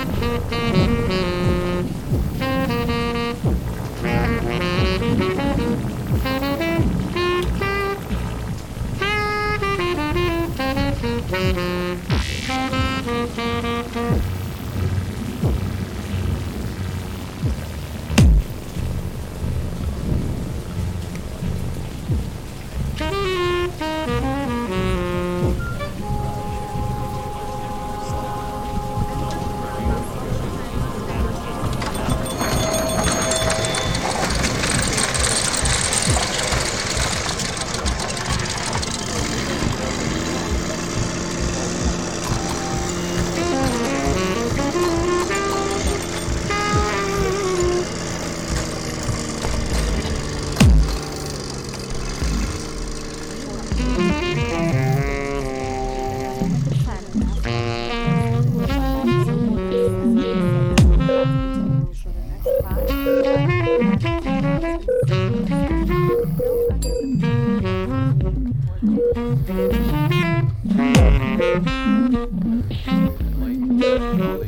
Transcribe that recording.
Thank Wait,